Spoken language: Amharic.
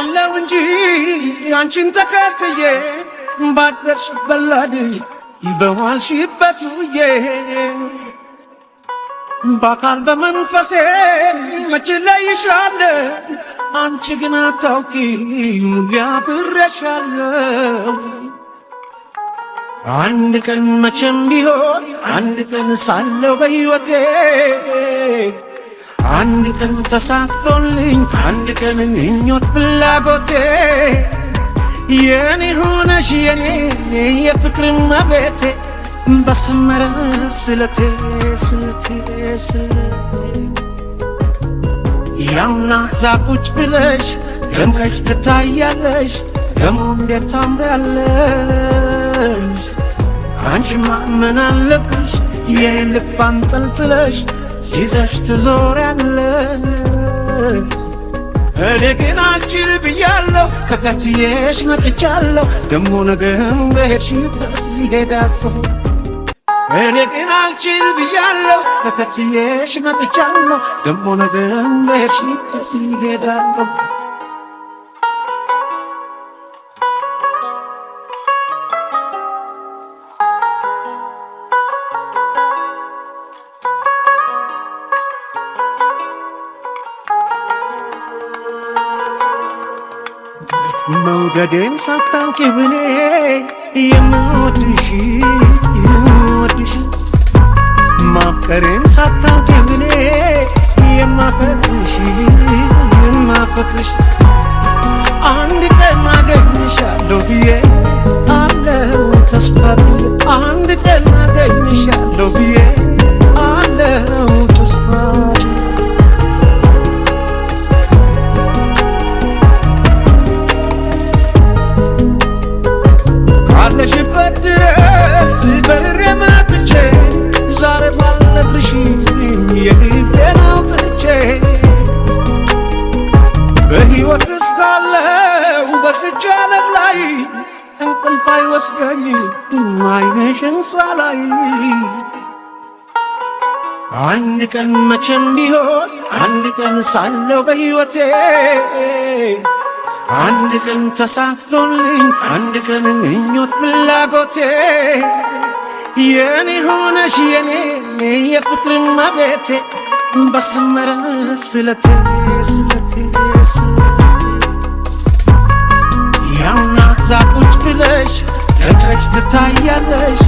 አለው እንጂ አንቺን ተከትዬ ባደርሽበት ላድር በዋልሽበት ውዬ በአካል በመንፈሴ መች ለይሻለሁ አንቺ ግን አታውቂ ሙያ ብረሻለሁ አንድ ቀን መቼም ቢሆን አንድ ቀን ሳለው በሕይወቴ አንድ ቀን ተሳክቶልኝ አንድ ቀን ምኞት ፍላጎቴ የኔ ሆነሽ የኔ የፍቅር መቤቴ በሰመረ ስለቴ ስለቴ ስለቴ ያውና እዛ ብለሽ ደምቀሽ ትታያለሽ ደሞ እንዴት ታምሪያለሽ አንቺማ ምን አለብሽ አንጠልጥለሽ ይዘሽ ትዞሪያለሽ። እኔ ግን አጭር ብያለሁ፣ ተከትዬሽ መጥቻለሁ። ደሞ ነገም በሄድሽበት ይሄዳለሁ። እኔ ግን አጭር ብያለሁ፣ ተከትዬሽ መጥቻለሁ። ደሞ ነገም በሄድሽበት ይሄዳለሁ። መውደዴን ሳታውቂ ብኔ የምወድሽ የምወድሽ ማፍቀሬን ሳታውቂ ብኔ የማፈቅርሽ የማፈቅርሽ አንድ ቀን አገኝሻለሁ ብዬ አለው ተስፋ አይወስደኝ አይንሽን ሳላይ አንድ ቀን መቼም ቢሆን አንድ ቀን ሳለው በሕይወቴ አንድ ቀን ተሳክቶልኝ አንድ ቀን ምኞት ፍላጎቴ የኔ ሆነሽ የኔ የፍቅር ማቤቴ በሰመረ ስለቴ ስለቴ ስለቴ yeah,